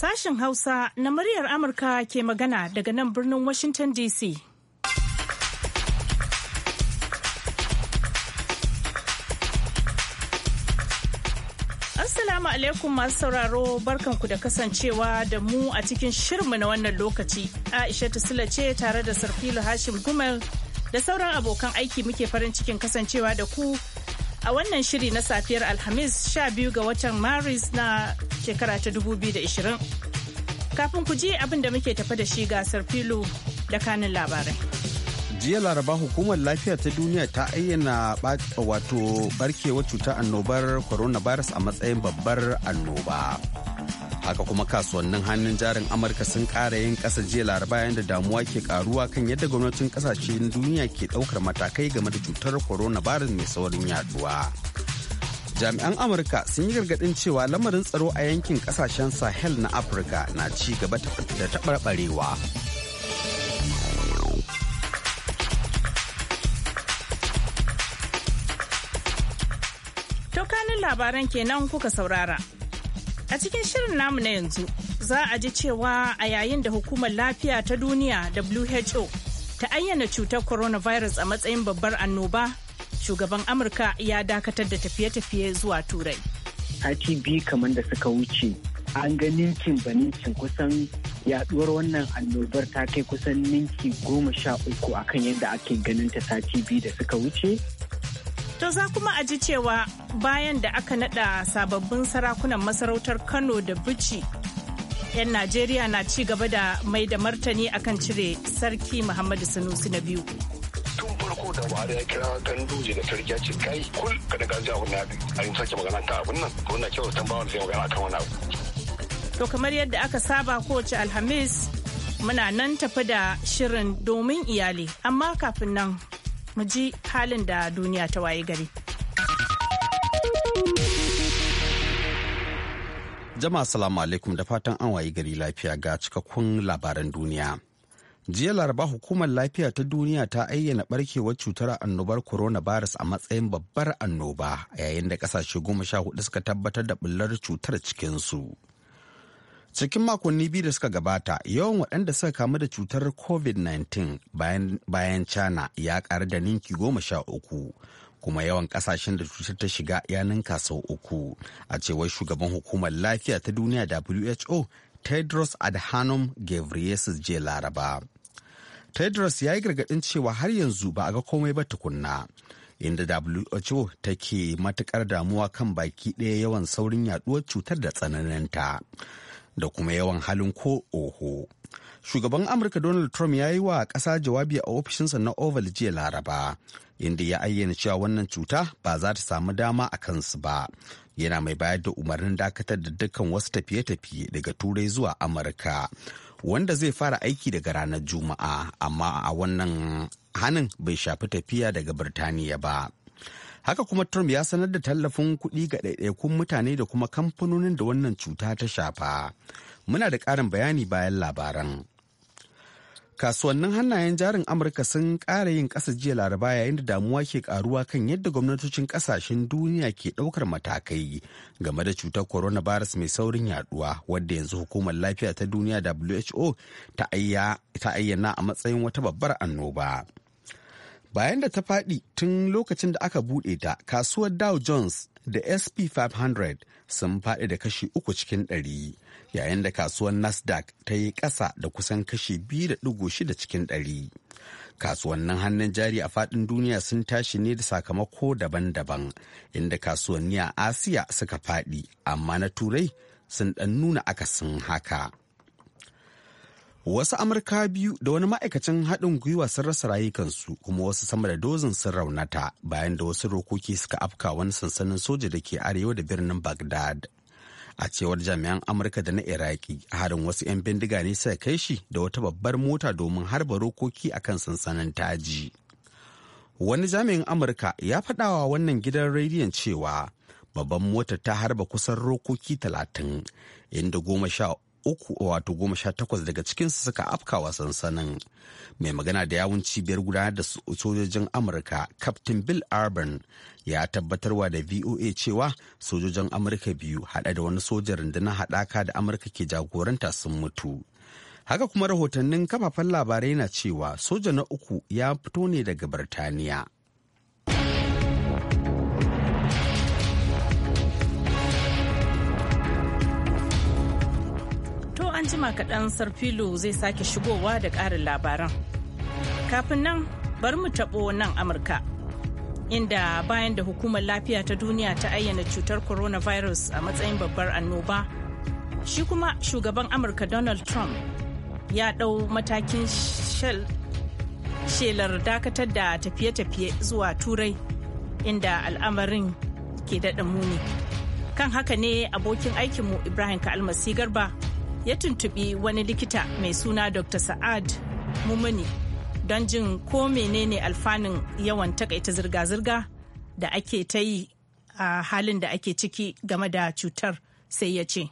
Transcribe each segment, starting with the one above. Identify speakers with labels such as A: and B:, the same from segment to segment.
A: Sashen Hausa na muryar Amurka ke magana daga nan birnin Washington DC. Assalamu alaikum masu sauraro barkanku da kasancewa da mu a cikin shirinmu na wannan lokaci. Aisha Sula ce tare da Sarfilu Hashim Gumel da sauran abokan aiki muke farin cikin kasancewa da ku a wannan shiri na safiyar Alhamis 12 ga watan Maris na shekara ta 2020. Kafin ku ji abin da muke tafa da shi gasar filo da kanin labarai.
B: jiya laraba hukumar lafiya ta duniya ta ayyana wato barkewar cutar annobar coronavirus a matsayin babbar annoba. haka kuma kasuwannin hannun jarin amurka sun kara yin kasa jiya laraba da damuwa ke karuwa kan yadda gwamnatin na duniya ke ɗaukar matakai game da cutar coronavirus mai saurin yaduwa jami'an amurka sun yi gargadin cewa lamarin tsaro a yankin ƙasashen sahel na afirka na ci gaba da tabarbarewa.
A: to kanin labaran kenan kuka saurara A cikin shirin namu na yanzu za a ji cewa a yayin da hukumar lafiya ta duniya WHO ta ayyana cutar coronavirus a matsayin babbar annoba, shugaban Amurka ya dakatar da tafiye-tafiye zuwa Turai.
C: Sati biyu kamar da suka wuce an ga ninkin ba ninkin kusan yaduwar wannan annobar ta kai kusan ninki goma sha uku akan yadda ake ganin ta sati biyu da suka wuce.
A: To za kuma a ji cewa bayan da aka nada sababbin sarakunan masarautar Kano da Bichi 'yan Najeriya na ci gaba da mai da martani akan cire sarki Muhammadu Sanusi na biyu.
D: tun farko da buhari ya kira ganduje da sarki ya ce kai kul ka da gajiya wani abu a yi sake magana ta abun nan ko na kyau tambawa da zai magana kan
B: wani abu.
A: to kamar yadda aka saba kowace alhamis muna nan tafi da shirin domin iyali amma kafin nan mu ji halin da duniya ta waye gari.
B: Jama'a salamu alaikum da fatan an waye gari lafiya ga cikakkun labaran duniya. Jiya laraba hukumar lafiya ta duniya ta ayyana barkewar cutar annobar coronavirus a matsayin babbar annoba yayin da kasashe goma sha hudu suka tabbatar da bullar cutar cikinsu. cikin makonni biyu da suka gabata yawan waɗanda suka kamu da cutar covid-19 bayan china ya ƙaru da ninki goma sha uku kuma yawan ƙasashen da cutar ta shiga ya ninka sau uku a cewar shugaban hukumar lafiya ta duniya who tedros adhanom ghebreyesus je laraba tedros ya yi gargaɗin cewa har yanzu ba a ga komai ba tukunna inda WHO take matuƙar damuwa kan baki ɗaya yawan saurin yaɗuwar cutar da tsananinta. da kuma yawan halin ko oho. Shugaban Amurka Donald Trump ya yi wa ƙasa jawabi a ofishinsa na Oval jiya Laraba, inda ya ayyana cewa wannan cuta ba za ta samu dama a kansu ba. Yana mai bayar da umarnin dakatar da dukkan wasu tafiye-tafiye daga Turai zuwa Amurka, wanda zai fara aiki daga ranar Juma'a, amma a wannan hanin bai shafi tafiya daga Birtaniya ba. haka kuma trump ya sanar da tallafin kuɗi ga ɗaiɗaikun mutane da kuma kamfanonin da wannan cuta ta shafa muna da ƙarin bayani bayan labaran kasuwannin hannayen jarin amurka sun ƙara yin ƙasa jiya laraba yayin da damuwa ke ƙaruwa kan yadda gwamnatocin ƙasashen duniya ke ɗaukar matakai game da cutar coronavirus mai saurin yaduwa wadda yanzu hukumar lafiya ta duniya who ta ayyana a matsayin wata babbar annoba. bayan da ta faɗi tun lokacin da aka buɗe ta kasuwar dow jones da sp 500 sun faɗi da kashi uku cikin ɗari yayin da kasuwar nasdaq ta yi ƙasa da kusan kashi biyu da shida cikin ɗari kasuwannin hannun jari a faɗin duniya sun tashi ne da sakamako daban-daban inda kasuwanni a asiya suka faɗi amma na turai sun ɗan nuna akasin haka. wasu amurka biyu da wani ma'aikacin haɗin gwiwa sun rasa rayukansu kuma wasu sama da dozin sun raunata bayan da wasu rokoki suka afka wani sansanin soja da ke arewa da birnin bagdad a cewar jami'an amurka da na iraki harin wasu 'yan bindiga ne suka kai shi da wata babbar mota domin harba rokoki a kan sansanin taji wani jami'in amurka ya faɗawa wannan gidan rediyon cewa babban motar ta harba kusan rokoki talatin inda goma sha uku wato goma sha takwas daga cikinsu suka afka wasan sansanin mai magana da yawun cibiyar gudanar da sojojin amurka captain bill arban ya tabbatarwa da voa cewa sojojin amurka biyu hada da wani sojan rundunar haɗaka da amurka ke jagoranta sun mutu haka kuma rahotannin kafafen labarai na cewa soja na uku ya fito ne daga birtaniya
A: an jima kaɗan sarfilo zai sake shigowa da ƙarin labaran kafin nan bar mu taɓo nan amurka inda bayan da hukumar lafiya ta duniya ta ayyana cutar coronavirus a matsayin babbar annoba shi kuma shugaban amurka donald trump ya ɗau matakin shelar dakatar da tafiye-tafiye zuwa turai inda al'amarin ke daɗa muni kan haka ne abokin aikinmu ibrahim kalmasi garba ya tuntubi wani likita mai suna dr sa'ad mumuni don jin ko menene alfanun yawan takaita zirga-zirga da ake ta yi a halin da ake ciki game da cutar sai ya ce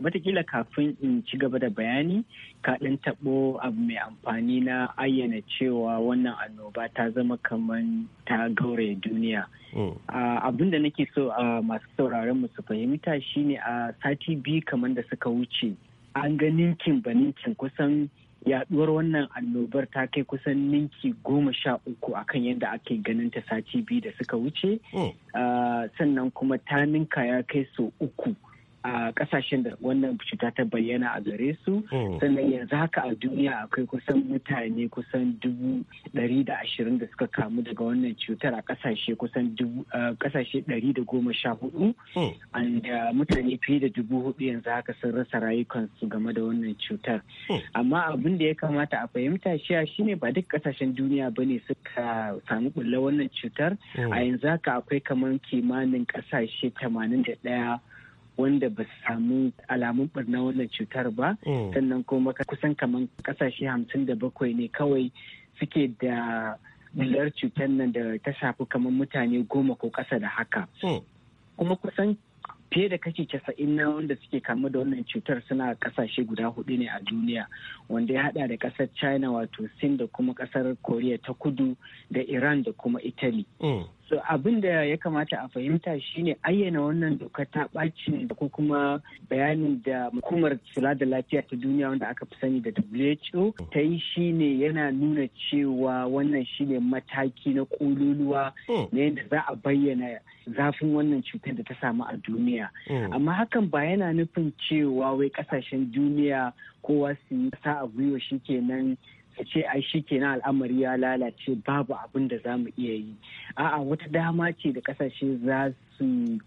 C: matakila kafin in ci gaba da bayani kaɗan taɓo abu mai amfani na ayyana cewa wannan annoba ta zama kamar ta gauraya duniya. Mm. Abin da nake so a masu sauraron su fahimta shine a sati biyu kamar da suka wuce an ga ninkin ba ninkin kusan yaduwar wannan annobar ta kai kusan ninki goma sha uku akan yadda ake ganin ta sati biyu da suka wuce mm. sannan kuma ta ninka ya kai so uku a kasashen da wannan cuta ta bayyana a gare su hmm. sannan yanzu haka a duniya akwai kusan mutane kusan dubu ɗari da ashirin da suka kamu daga wannan cutar a kasashe kusan kasashe ɗari da goma sha hudu hmm. mutane fiye da dubu hudu yanzu haka sun rasa rayukansu game da wannan cutar hmm. amma abin da ya kamata a fahimta shi shine ba duk kasashen duniya ba ne suka samu bulla wannan cutar a yanzu haka akwai kamar kimanin kasashe tamanin da ɗaya wanda ba su samu alamun barna wannan cutar ba mm. sannan kuma kusan kamar kasashe hamsin da bakwai ne kawai suke da bular cutar nan da ta shafi kamar mutane goma ko kasa da haka mm. kuma kusan fiye da kashi casa'in na wanda suke kamu da wannan cutar suna kasashe guda hudu ne a duniya wanda ya hada da kasar china wato sin da kuma kasar korea ta kudu da iran da kuma italy mm. abin da ya kamata a fahimta shine ayyana wannan doka ta ɓaci ko kuma bayanin da hukumar kula da lafiya ta duniya wanda aka fi sani da WHO ta yi shine yana nuna cewa wannan shine mataki na kululuwa. Hmm. na yadda za a bayyana zafin wannan cutar da ta samu a duniya. Hmm. Amma hakan ba yana nufin cewa wai kasashen duniya kowa su yi sa a gwiwa shikenan ka ce ai shi kenan al'amari ya lalace babu abin da za mu iya yi a'a wata dama ce da kasashe za su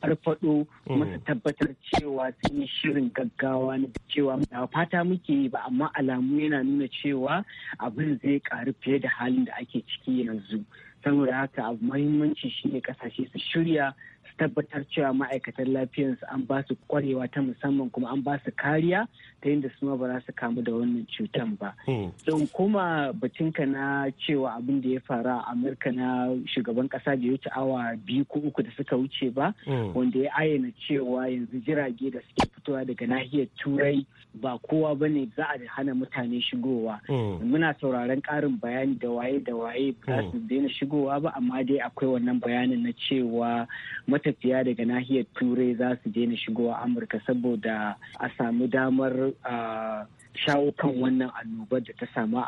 C: farfado mm-hmm. kuma tabbatar cewa sun yi shirin gaggawa na cewa da fata muke yi ba amma alamu yana nuna cewa abin zai karu fiye da halin da ake ciki yanzu saboda haka abu mahimmanci shine kasashe su shirya tabbatar cewa ma'aikatan su an ba su kwarewa ta musamman kuma an ba su kariya ta yadda su ba za su kamu da wannan cutan ba. Hmm. Don kuma batunka na cewa abin da ya faru a Amurka na shugaban kasa da ya wuce awa biyu ko uku da suka wuce ba hmm. wanda ya ayyana cewa yanzu jirage da suke fitowa daga nahiyar turai ba kowa ba ne za a hana mutane shigowa. Hmm. Muna sauraron karin bayani da waye da waye ba su daina shigowa ba amma dai akwai wannan bayanin na cewa mata matafiya daga nahiyar turai za su daina shigowa amurka saboda a samu damar shawo kan wannan annobar da ta samu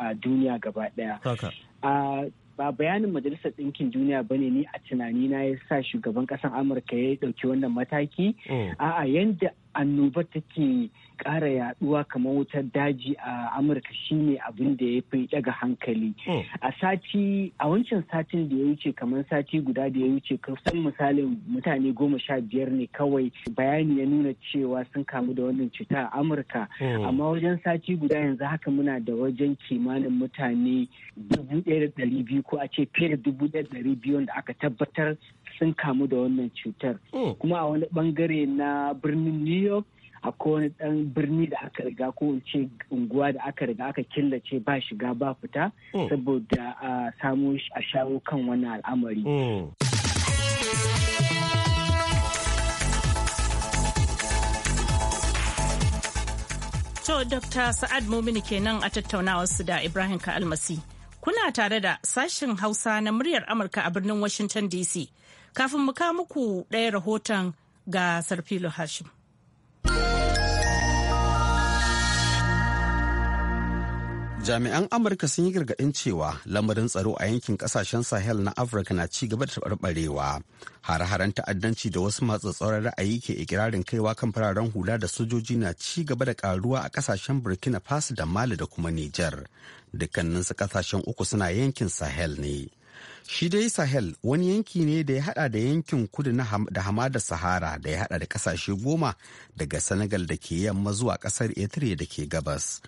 C: a duniya gaba daya ba bayanin majalisar ɗinkin duniya ba ne ni a tunani na ya sa shugaban ƙasar amurka ya ɗauki wannan mataki mm. a'a yanda annobar take kara yaduwa kamar wutar daji a amurka shine abin da ya fi daga hankali hmm. a sati a wancan satin da ya wuce kamar sati guda da ya wuce kusan misalin mutane goma sha biyar ne kawai bayani ya nuna cewa sun kamu da wannan cuta a amurka hmm. amma wajen sati guda yanzu haka muna da wajen kimanin mutane dubu ɗaya da dari biyu ko a ce fiye da dubu ɗaya da dari biyu da aka tabbatar sun kamu da wannan cutar hmm. kuma a wani bangare na birnin new york akwai wani dan birni da aka riga ko in ce unguwa da aka riga aka killace ba shiga ba fita hmm. saboda a samu a shawo kan wani al'amari hmm.
A: To, Dr. Sa'ad Momini kenan a tattaunawarsu da Ibrahim Ka'almasi. Kuna tare da sashen Hausa na muryar Amurka a birnin Washington DC. Kafin mu kawo muku ɗaya rahoton ga Sarfilo Hashim.
B: jami'an amurka sun yi gargaɗin cewa lamarin tsaro a yankin ƙasashen sahel na afirka na ci gaba da tabarbarewa. hare-haren ta'addanci da wasu masu tsaron ra'ayi ke ikirarin kaiwa kan fararen hula da sojoji na ci gaba da karuwa a ƙasashen burkina faso da mali da kuma niger dukkaninsu ƙasashen uku suna yankin sahel ne Shi dai Sahel wani yanki ne da ya hada da yankin kudu da hamadar Sahara da ya hada da kasashe goma daga Senegal da ke yamma zuwa kasar etire da ke gabas.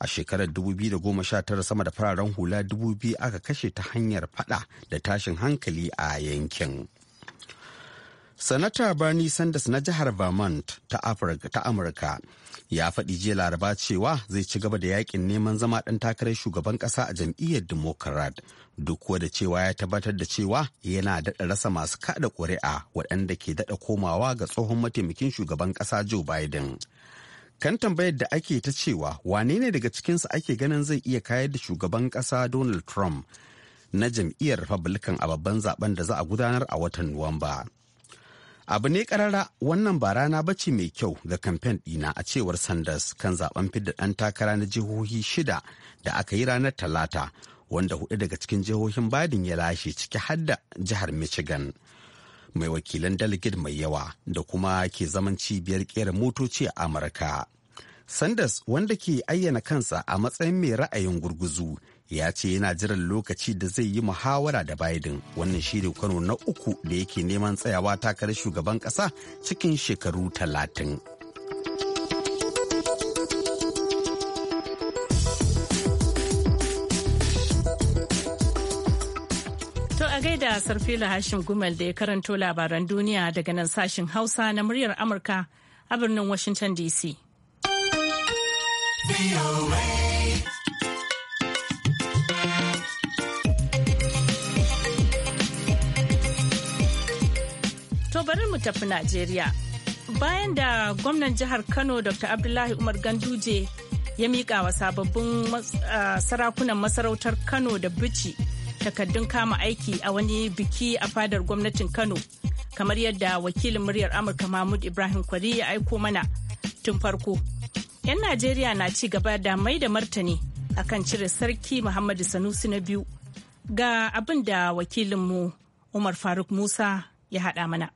B: A shekarar 2019 sama da fararen hula 2000 aka kashe ta hanyar fada da tashin hankali a yankin. Sanata Bernie Sanders na jihar Vermont ta Amurka ya faɗi jiya laraba cewa zai ci gaba da yakin neman zama ɗan takarar shugaban ƙasa a jam'iyyar Democrat duk da cewa ya tabbatar da cewa yana daɗa rasa masu kaɗa ƙuri'a waɗanda ke daɗa komawa ga tsohon mataimakin shugaban ƙasa Joe Biden. Kan tambayar da ake ta cewa wane ne daga cikinsu ake ganin zai iya kayar da shugaban ƙasa Donald Trump na jam'iyyar Republican a babban zaben da za a gudanar a watan Nuwamba. abu ne karara wannan ba rana bace mai kyau ga kamfen ɗina a cewar sanders kan zaben fidda ɗan takara na jihohi shida da aka yi ranar talata wanda hudu daga cikin jihohin badin ya lashe ciki har jihar michigan mai wakilan delegate mai yawa da kuma ke zaman cibiyar kera motoci a amurka sanders wanda ke ayyana kansa a matsayin mai ra'ayin gurguzu ya ce yana jiran lokaci da zai yi muhawara da Biden wannan shirin kano na uku da yake neman tsayawa takarar shugaban ƙasa cikin shekaru talatin.
A: To a gaida Sarfila Hashim Gumel da ya karanto labaran duniya daga nan sashin Hausa na muryar Amurka a birnin Washington DC. bari mu tafi Najeriya. Bayan da gwamnan jihar Kano Dr. Abdullahi Umar Ganduje ya miƙa wa sababbin sarakunan masarautar Kano da bichi takardun kama aiki a wani biki a fadar gwamnatin Kano, kamar yadda wakilin muryar Amurka Mahmud Ibrahim Kwari ya aiko mana tun farko. 'Yan Najeriya na ci gaba da mai da martani a kan cire sarki Muhammadu Sanusi na biyu ga abin da wakilinmu Umar Faruk Musa ya haɗa mana.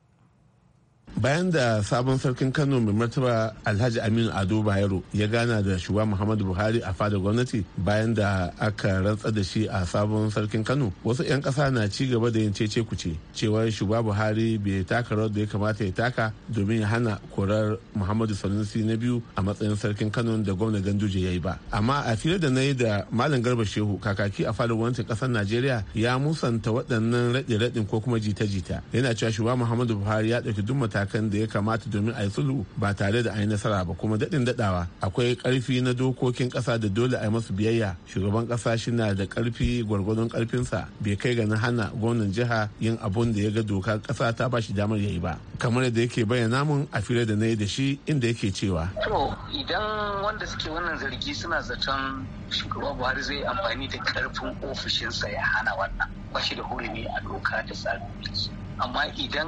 D: bayan da sabon sarkin kano mai martaba alhaji aminu ado bayero ya gana da shugaba muhammadu buhari a fada gwamnati bayan da aka rantsa da shi a sabon sarkin kano wasu 'yan kasa na ci gaba da yin cece kuce cewa shugaba buhari bai taka rawar da ya kamata ya taka domin ya hana korar muhammadu sanusi na biyu a matsayin sarkin kano da gwamna ganduje ya yi ba amma a fili da na yi da malam garba shehu kakaki a fada gwamnatin kasar najeriya ya musanta waɗannan raɗe-raɗin ko kuma jita-jita yana cewa shugaba muhammadu buhari ya ɗauki duk matakan da ya kamata domin a yi sulhu ba tare da a yi nasara ba kuma daɗin daɗawa akwai ƙarfi na dokokin ƙasa da dole a yi masu biyayya shugaban ƙasa shi na da ƙarfi gwargwadon ƙarfinsa bai kai ga na hana gwamnan jiha yin abun da ya ga dokar ƙasa ta ba shi damar ya yi ba kamar yadda yake bayyana mun a fira da na yi da shi inda yake cewa.
C: to idan wanda suke wannan zargi suna zaton shugaban buhari zai amfani da karfin ofishinsa ya hana wannan ba shi da hurumi a doka da tsari amma idan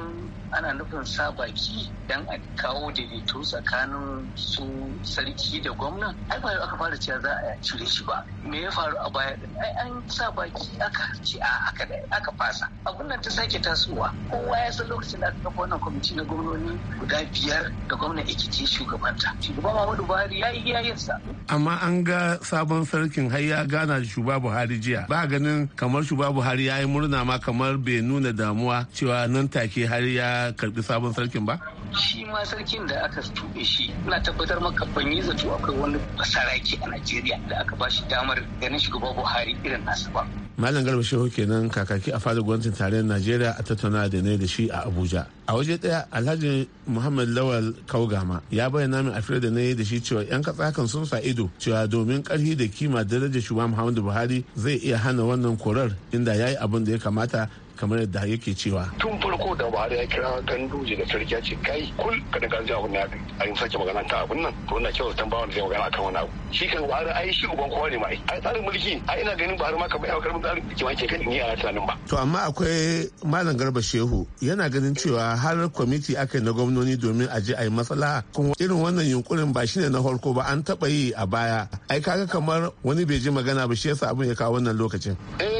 C: ana nufin sa baki dan a kawo
E: daidaito tsakanin su sarki da gwamna ai ba aka fara cewa za a cire
B: shi
C: ba me ya faru a baya din
A: ai an sa baki aka ce a haka da
C: aka fasa abun nan ta sake tasowa kowa ya san lokacin da aka kafa wannan kwamiti na gwamnoni guda biyar da gwamna Ekiti shugabanta shugaba Muhammadu Buhari ya yi sa
D: amma an ga sabon sarkin har ya gana da shugaba Buhari jiya ba ganin kamar shugaba Buhari ya yi murna ma kamar bai nuna damuwa cewa nan take har ya karbi sabon sarkin ba?
C: Shi ma sarkin da aka tuɓe shi na tabbatar maka ban yi zato akwai wani basaraki a Najeriya
D: da aka ba shi damar ganin shugaba Buhari irin nasa ba. Malam Garba Shehu kenan kakaki a fadar gwamnatin tarayyar Najeriya a tattauna da ne da shi a Abuja. A waje ɗaya Alhaji Muhammad Lawal Kaugama ya bayyana min afiyar da na yi da shi cewa 'yan kan sun sa ido cewa domin ƙarfi da kima darajar shugaba Muhammadu Buhari zai iya hana wannan korar inda ya yi abin da ya kamata kamar yadda yake cewa tun farko da buhari ya kira ganduje da sarki ya ce kai kul ka daga ji abun ya a yin sake magana ta abun nan to wannan kyau tan bawan zai magana akan wani abu shi kan buhari ai shi uban kowa ne mai ai tsarin mulki ai ina ganin buhari ma kamar yaukar tsarin mulki ma ke kan ni a tunanin ba to amma akwai malam garba shehu yana ganin cewa har kwamiti aka na gwamnoni domin a je a yi matsala. kuma irin wannan yunkurin ba shine na farko ba an taba yi a baya ai kaga kamar wani bai ji magana ba shi yasa abun ya kawo wannan lokacin eh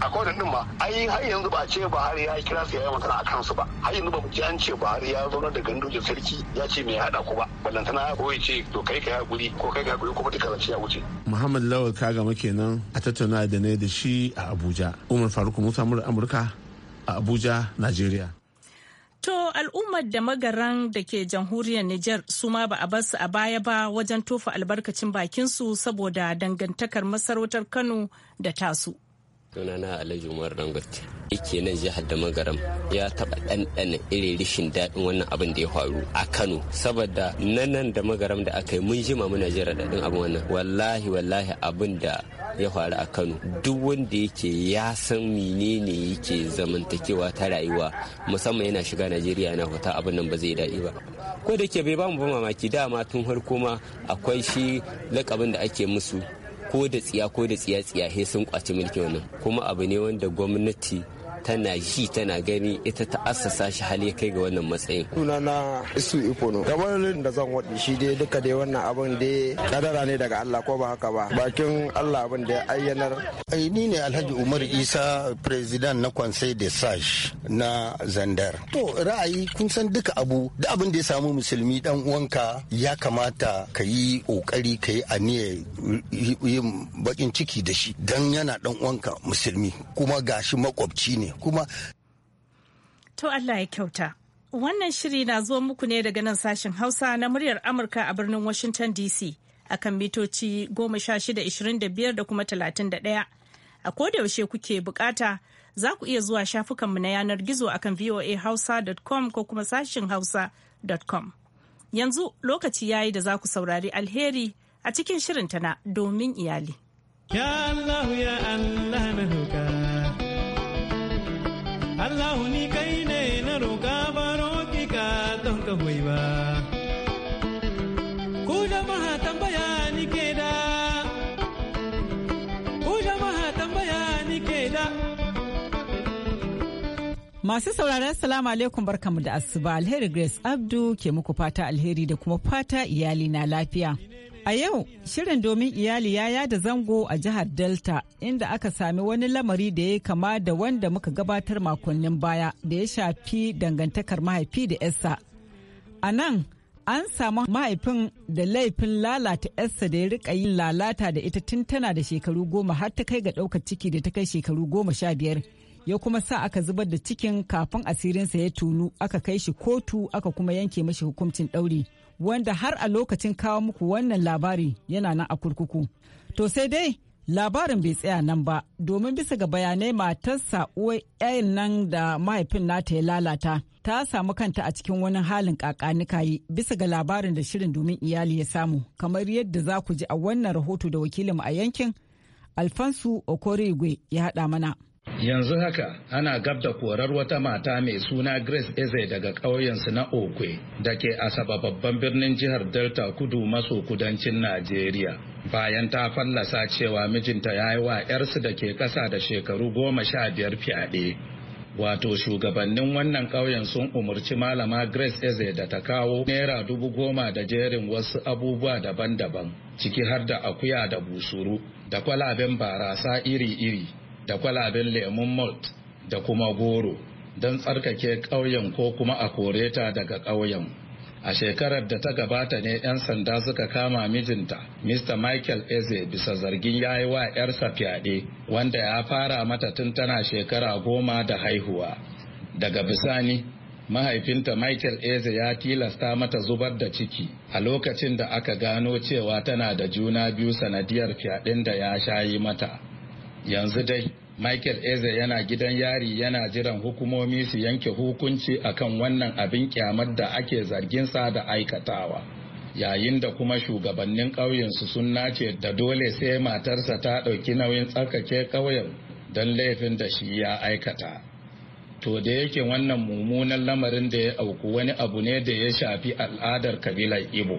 D: a kowane din ma ai har yanzu ba a ce Buhari ya kira su yayi magana a kansu ba har yanzu ba mu ji an ce Buhari ya zauna da da sarki ya ce me hada ku ba ballantana ko ya ce to kai ka guri ko kai ka guri ko duka zance ya wuce Muhammad Lawal ka Kagama kenan a tattauna da ne da shi a Abuja Umar Faruk Musa Amurka a Abuja nigeria.
A: To al'ummar da magaran da ke jamhuriyar Nijar su ma ba a bar su a baya ba wajen tofa albarkacin bakinsu saboda dangantakar masarautar Kano da tasu.
C: sunana alhaji umar dangote yake nan
B: jihar da magaram ya taba ɗanɗana irin rishin daɗin wannan abin da ya faru a kano saboda nan da magaram da aka yi mun jima muna jira daɗin abin wannan wallahi wallahi abin da ya faru a kano duk wanda yake ya san menene yake zamantakewa ta rayuwa musamman yana shiga najeriya yana huta abin nan ba zai daɗi ba ko da ke bai bamu ba
E: mamaki dama tun harko ma akwai shi lakabin da ake musu
B: ko da tsiya ko da tsiya tsiya sun kwaci mulki wannan kuma abu ne wanda gwamnati tana ji tana gani ita ta assasa shi hali kai ga wannan matsayin sunana isu ifono gabanin da zan waɗi shi dai duka dai wannan abin dai kadara ne daga Allah ko ba haka ba bakin Allah abin da ayyanar eh, ni ne Alhaji Umar Isa president na kwansai de sash na Zandar to ra'ayi kun san duka abu da abin da ya samu musulmi dan uwanka ya kamata ka yi kokari ka yi aniya yin bakin ciki da shi dan yana dan uwanka musulmi kuma gashi makwabci ne kuma
A: to Allah ya kyauta wannan shiri na zo muku ne daga nan sashen Hausa na muryar Amurka a birnin Washington DC akan mitoci 1625 da kuma 31 a kodayaushe kuke bukata za ku iya zuwa shafukanmu na yanar gizo akan voahausa.com ko kuma sashin hausa.com yanzu lokaci ya yi da za ku saurari alheri a cikin shirin tana domin iyali
D: ya Allah ya Allah na
E: Allah ni kai ne na roƙa baro ki ka don ka hoyi ba.
D: Ku jama'a tambaya ni ke da, ku jama'a tambaya ni ke da.
F: Masu sauraron salamu alaikum barkamu da asuba alheri Grace Abdu ke muku fata alheri da kuma fata iyali na lafiya. A yau, shirin domin iyali ya yada zango a jihar Delta inda aka sami wani lamari da ya kama da wanda muka gabatar makonnin baya da ya shafi dangantakar mahaifi da yarsa. A nan, an samu mahaifin da laifin lalata yarsa da ya rika yin lalata da ita tun tana da shekaru goma har ta kai ga ɗaukar ciki da ta kai shekaru goma sha biyar. Ya kuma sa aka zubar da cikin kafin asirinsa ya tunu aka kai shi kotu aka kuma yanke mashi hukuncin ɗauri. wanda har a lokacin kawo muku wannan labari yana nan a kurkuku. To sai dai labarin bai tsaya nan ba domin bisa ga bayanai matarsa uwar yayin nan da mahaifin nata ya lalata ta samu kanta a cikin wani halin kakanika yi bisa ga labarin da shirin domin iyali ya samu kamar yadda za ku ji a wannan rahoto da wakilinmu a yankin alfansu okorigwe ya haɗa mana.
E: yanzu haka ana gab da korar wata mata mai suna grace eze daga ƙauyensu na okwe da ke asaba babban birnin jihar delta kudu maso kudancin najeriya bayan ta fallasa cewa mijinta ya yi wa 'yarsu da ke ƙasa da shekaru goma sha biyar fyaɗe wato shugabannin wannan ƙauyen sun umarci malama grace eze da ta kawo naira dubu goma da jerin wasu abubuwa daban-daban ciki har da akuya da busuru da kwalaben barasa iri-iri da kwalaben lemon malt da kuma goro don tsarkake ƙauyen ko kuma a kore ta daga ƙauyen. A shekarar da ta gabata ne 'yan sanda suka kama mijinta, Mr. Michael Eze bisa zargin ya yi wa 'yarsa fyaɗe, wanda ya fara mata tun tana shekara goma da haihuwa. Daga bisani, mahaifinta Michael Eze ya tilasta mata zubar da ciki a lokacin da aka gano cewa tana da juna biyu sanadiyar fyaɗen da ya shayi mata. yanzu dai michael eze yana gidan yari yana jiran hukumomi su yanke hukunci akan wannan abin kyamar da ake zarginsa da aikatawa yayin da kuma shugabannin ƙauyensu sun nace da dole sai matarsa ta ɗauki nauyin tsarkake ƙauyen don laifin da shi ya aikata to da yake wannan mummunan lamarin da ya auku wani abu ne da ya shafi al'adar kabilar ibo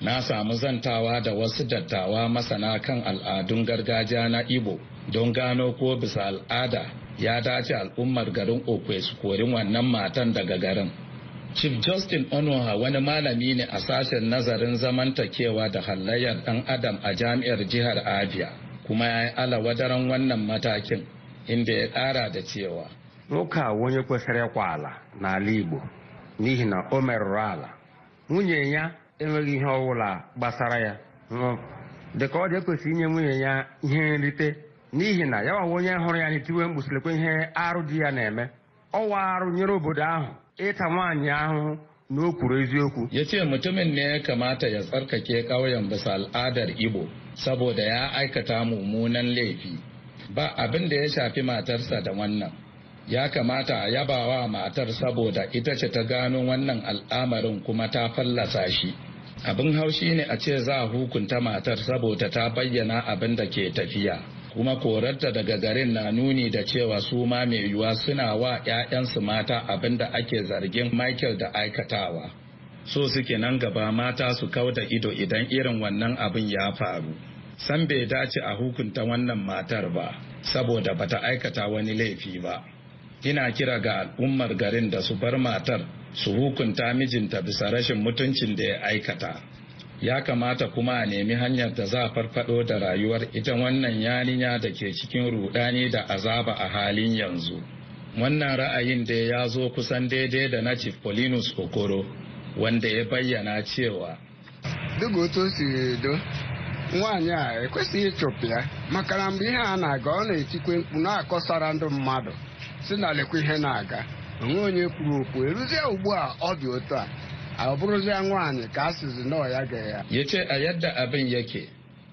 E: na samu zantawa da wasu dattawa masana kan al'adun gargajiya na ibo don gano ko bisa al'ada ya dace al'ummar garin okwe su kori wannan matan daga garin chief justin onoha wani malami ne a sashen nazarin zamantakewa da halayyar dan adam a jami'ar jihar abia kuma ya yi alawadaran wannan matakin inda ya kara da cewa Roka wani kwesịrị kwala na libo. n'ihi na Omer Rala, munye
B: ya enweghị ihe ọwụla gbasara ya dịka ọ dị ekwesịrị inye nwunye ya ihe nrite n'ihi na ya nwa onye hụrụ ya n'itiwe mkpu ihe arụ dị ya na-eme
E: ọwa arụ nyere obodo ahụ ịta nwaanyị ahụhụ na o kwuru eziokwu ya ce mutumin ne ya kamata ya tsarkake ƙauyen bisa al'adar igbo saboda ya aikata mummunan laifi ba abin da ya shafi matarsa da wannan ya kamata a yabawa matar saboda ita ce ta gano wannan al'amarin kuma ta fallasa shi abin haushi ne a ce za a hukunta matar saboda ta bayyana abin da ke tafiya kuma korarta daga garin na nuni da cewa su ma mai yiwuwa suna wa 'ya'yansu mata abin da ake zargin michael da aikatawa so suke nan gaba mata su kauda ido idan irin wannan abin ya faru san bai dace a hukunta wannan matar ba saboda bata aikata wani laifi ba ina kira ga al'ummar garin da su bar matar su hukunta mijinta bisa rashin mutuncin da ya aikata ya kamata kuma a nemi hanyar da za a farfado da rayuwar ita wannan yarinya da ke cikin rudani da azaba a halin yanzu wannan ra'ayin da ya zo kusan daidai da na chief polinus okoro wanda ya bayyana cewa duk
D: otu siri do nwaanyị a ekwesịghị ịchụpụ ya
E: maka na mgbe ihe a na-aga ọ na-etikwe mkpu na-akọsara ndị mmadụ si na lekwa ihe na-aga onwe onye kwuru okwu eruzie ugbu a ọ dị otu a a bụrụzi ya ka a ya ga ya ce a yadda abin yake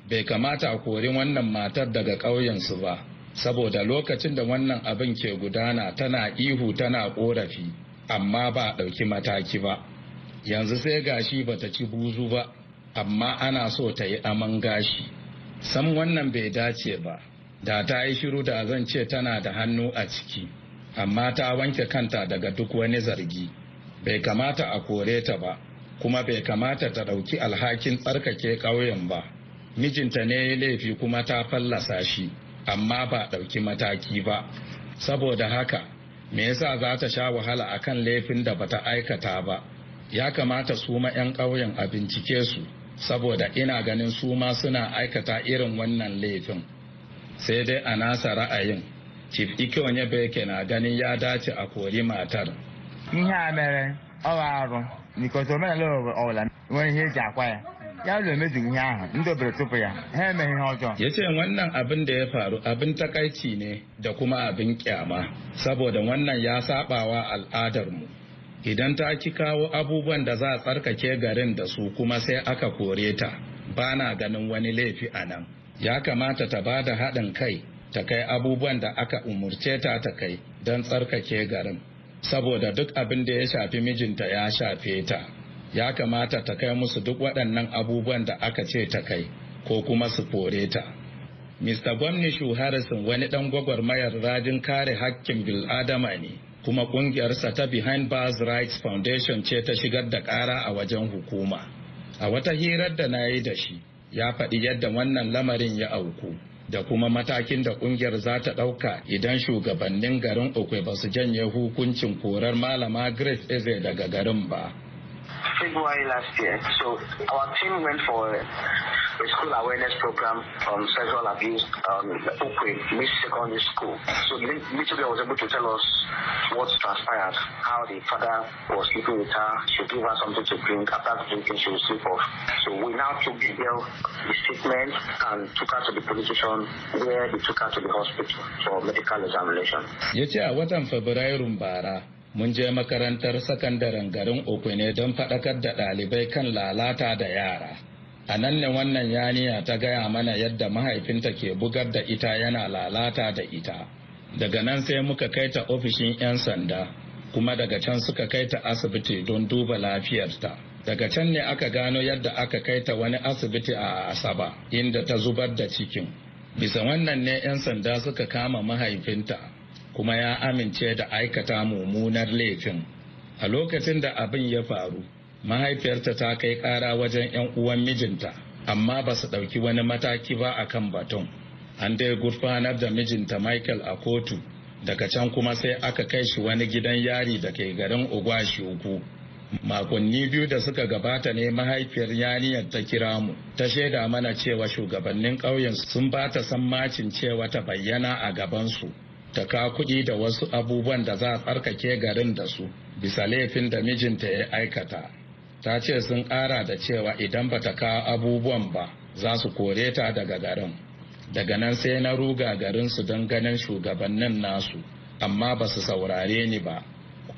E: bai kamata a kori wannan matar daga ƙauyensu ba saboda lokacin da wannan abin ke gudana tana ihu tana ƙorafi amma ba a ɗauki mataki ba yanzu sai gashi ba ta ci buzu ba amma ana so ta yi aman gashi san wannan bai dace ba da ta yi shiru da zan ce tana da hannu a ciki amma ta wanke kanta daga duk wani zargi bai kamata a kore ta ba kuma bai kamata ta ɗauki alhakin tsarkake ƙauyen ba mijinta ne laifi kuma ta fallasa shi amma ba ɗauki mataki ba saboda haka me yasa za ta sha wahala akan laifin da bata aikata ba ya kamata su ma 'yan ƙauyen a bincike su saboda ina ganin su ma suna aikata irin wannan laifin sai dai a nasa ra'ayin chief ikonye beke na ganin ya dace a kori matar ihe a mere ọwa arụ n'ikọta omenala ọbụla nwere ihe eji akwa ya ya ụlọ emezi ihe ahụ ndị obere tupu ya ha emeghị ihe ọjọọ ya ce wannan abin da ya faru abin takaici ne da kuma abin kyama saboda wannan ya al'adar mu. idan ta ki kawo abubuwan da za a tsarkake garin da su kuma sai aka kore ta ba na ganin wani laifi a nan ya kamata ta ba da haɗin kai ta kai abubuwan da aka umurce ta ta kai don tsarkake garin saboda duk abin da ya shafi mijinta ya shafe ta ya kamata ta kai musu duk waɗannan abubuwan da aka ce ta kai ko kuma su fore ta mr gwamnishu harrison wani ɗan gwagwar mayar rajin kare hakkin bil'adama ne kuma ƙungiyarsa ta behind bars rights foundation ce ta shigar da ƙara a wajen hukuma a wata hirar da na yi da shi ya faɗi yadda wannan lamarin ya auku da kuma matakin da kungiyar za ta ɗauka idan shugabannin garin Okwe ba su janye hukuncin korar malama Grace Eze daga garin ba.
C: February last year, so our team went for a school awareness program on sexual abuse um, Ukwe, Miss Secondary School. So Little was able to tell us
B: what transpired, how the father was sleeping with her, she gave her something to drink, after drinking she would sleep off. So we now took the girl, the treatment, and took her to the police station
C: where they took her to the hospital for medical examination.
E: Ya ce am watan mun je makarantar sakandaren garin don faɗakar da ɗalibai kan lalata da yara. a nan ne wannan yaniya ta gaya mana yadda mahaifinta ke bugar da ita yana lalata da ita daga nan sai muka kai ta ofishin 'yan sanda kuma daga can suka kai ta asibiti don duba lafiyarta daga can ne aka gano yadda aka kai ta wani asibiti a asaba inda ta zubar da cikin bisa wannan ne 'yan sanda suka kama mahaifinta kuma ya amince da aikata mummunar laifin a lokacin da abin ya faru mahaifiyarta ta kai kara wajen 'yan uwan mijinta amma ba su ɗauki wani mataki ba a kan baton an dai gurfanar da mijinta michael a kotu daga can kuma sai aka kai shi wani gidan yari da ke garin ogwashi uku makonni biyu da suka gabata ne mahaifiyar yaniyar ta kira mu ta shaida mana cewa shugabannin ƙauyen sun ba ta macin cewa ta bayyana a gabansu ta ka kuɗi da wasu abubuwan da za a tsarkake garin da su bisa laifin da mijinta ya aikata ta ce sun kara da cewa idan bata kawo abubuwan ba za su kore ta daga garin daga nan sai na ruga garin su don ganin shugabannin nasu amma ba su saurare ni ba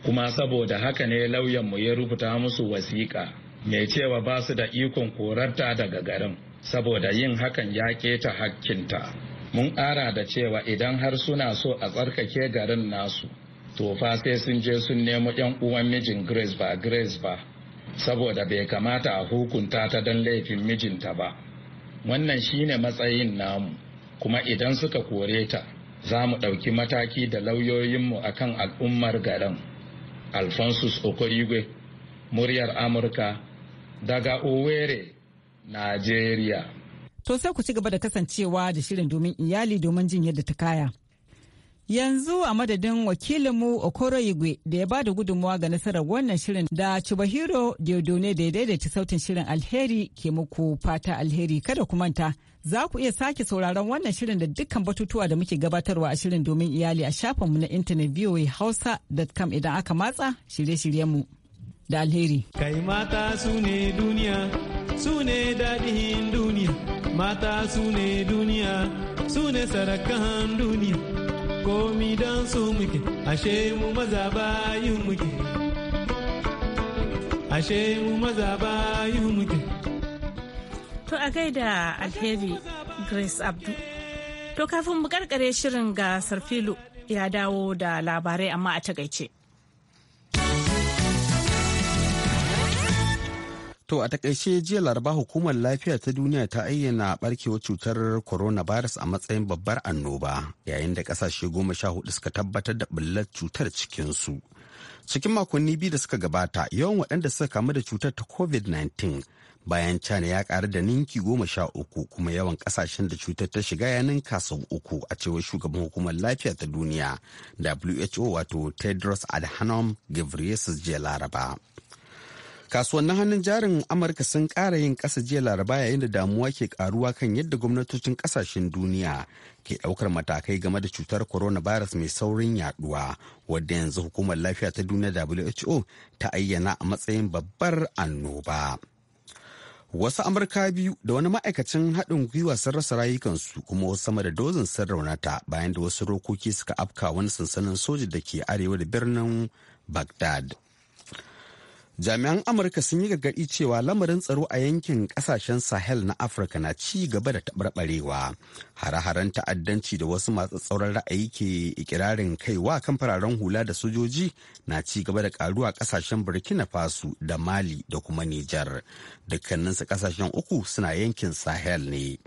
E: kuma saboda haka ne lauyanmu ya rubuta musu wasiƙa mai cewa ba su da ikon korarta daga garin saboda yin hakan ya keta hakkinta mun ƙara da cewa idan har suna so a tsarkake garin nasu to fa sai sun je sun nemo 'yan uwan mijin grace ba grace ba saboda bai kamata a hukunta ta don laifin mijinta ba wannan shine matsayin namu kuma idan suka kore ta za mu ɗauki mataki da lauyoyinmu a kan al'ummar garin alphonsus okorigwe muryar amurka daga owerri Najeriya.
F: to sai ku ci gaba da kasancewa da shirin domin iyali domin jin yadda ta kaya Yanzu a madadin wakilinmu Okoro Igwe da ya ba da gudunmuwa ga nasarar wannan shirin da Chubahiro Diodone da ya daidaita sautin shirin alheri ke muku fata alheri kada ku manta. Za ku iya sake sauraron wannan shirin da dukkan batutuwa da muke gabatarwa a shirin domin iyali a shafinmu na intanet kam idan aka matsa shirye-shiryenmu da alheri. Kai
D: mata su ne duniya, su ne daɗin duniya, mata su ne duniya, su ne sarakan duniya. komi don su muke ashe mu maza
E: bayin muke ashe mu maza bayin
A: muke to a gaida alheri grace abdu to kafin mu karkare shirin ga sarfilu ya dawo da labarai amma a takaice
B: To a takaice jiya laraba hukumar lafiya ta duniya ta ayyana barkewar cutar coronavirus a matsayin babbar annoba yayin da kasashe goma sha hudu suka tabbatar da bullar cutar cikinsu. Cikin makonni biyu da suka gabata yawan waɗanda suka kamu da cutar ta COVID-19 bayan China ya ƙaru da ninki goma sha uku kuma yawan kasashen da cutar ta shiga ya ninka sau uku a cewar shugaban hukumar lafiya ta duniya WHO wato Tedros Adhanom Ghebreyesus jiya laraba. kasuwannin hannun jarin amurka sun ƙara yin ƙasa jiya laraba yayin da damuwa ke ƙaruwa kan yadda gwamnatocin ƙasashen duniya ke ɗaukar matakai game da cutar coronavirus mai saurin yaduwa wadda yanzu hukumar lafiya ta duniya who ta ayyana a matsayin babbar annoba wasu amurka biyu da wani ma'aikacin haɗin gwiwa sun rasa rayukansu kuma wasu sama da dozin sun raunata bayan da wasu rokoki suka afka wani sansanin soja da ke arewa da birnin bagdad jami'an amurka sun yi gargaɗi cewa lamarin tsaro a yankin ƙasashen sahel na afirka na ci gaba da taɓarɓarewa hare-haren ta'addanci da wasu masu tsauran ra'ayi ke ikirarin kaiwa kan fararen hula da sojoji na ci gaba da ƙaruwa ƙasashen burkina faso da mali da kuma nijar dukkaninsu ƙasashen uku suna yankin sahel ne.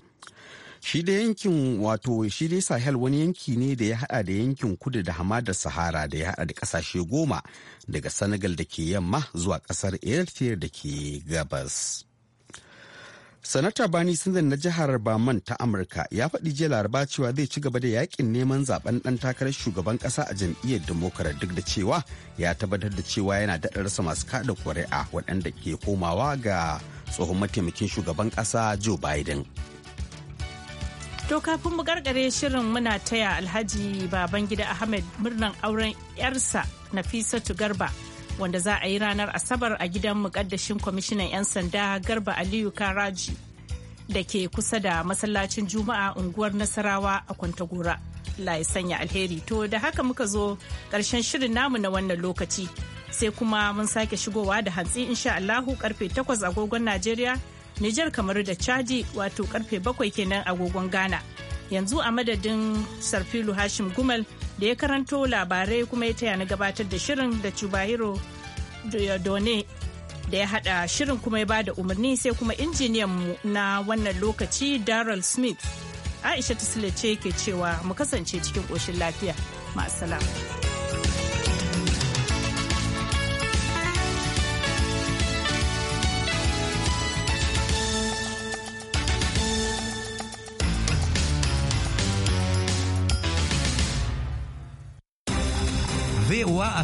B: shi da yankin wato shi dai sahel wani yanki ne da ya hada da yankin kudu da hamadar sahara da ya hada da kasashe goma daga senegal da ke yamma zuwa kasar eritrea da ke gabas sanata bani sun na jihar baman ta amurka ya faɗi jiya laraba cewa zai ci gaba da yakin neman zaben ɗan takarar shugaban ƙasa a jam'iyyar demokarat duk da cewa ya tabbatar da cewa yana daɗa rasa masu kaɗa ƙuri'a waɗanda ke komawa ga tsohon mataimakin shugaban ƙasa joe biden
A: To kafin mu karkare shirin muna taya Alhaji Babangida Ahmed murnan auren yarsa Nafisatu Garba wanda za a yi ranar Asabar a gidan mukaddashin kwamishinan 'yan sanda Garba Aliyu Karaji da ke kusa da masallacin Juma'a unguwar Nasarawa a Kwantagora. Allah sanya alheri. To da haka muka zo ƙarshen shirin namu na wannan lokaci. Sai kuma mun sake shigowa da hantsi insha Allahu karfe 8 agogon Najeriya Nijar kamar da Chadi wato karfe bakwai kenan agogon Ghana. Yanzu a madadin Sarfilu Hashim Gumal da ya karanto labarai kuma ya taya na gabatar da shirin da Chubahiro Done da ya hada shirin kuma ya bada umarni sai kuma injiniyan mu na wannan lokaci Daryl Smith. Aisha Tisle ce ke cewa mu kasance cikin ƙoshin lafiya. Ma'asalam.
B: sadarwa a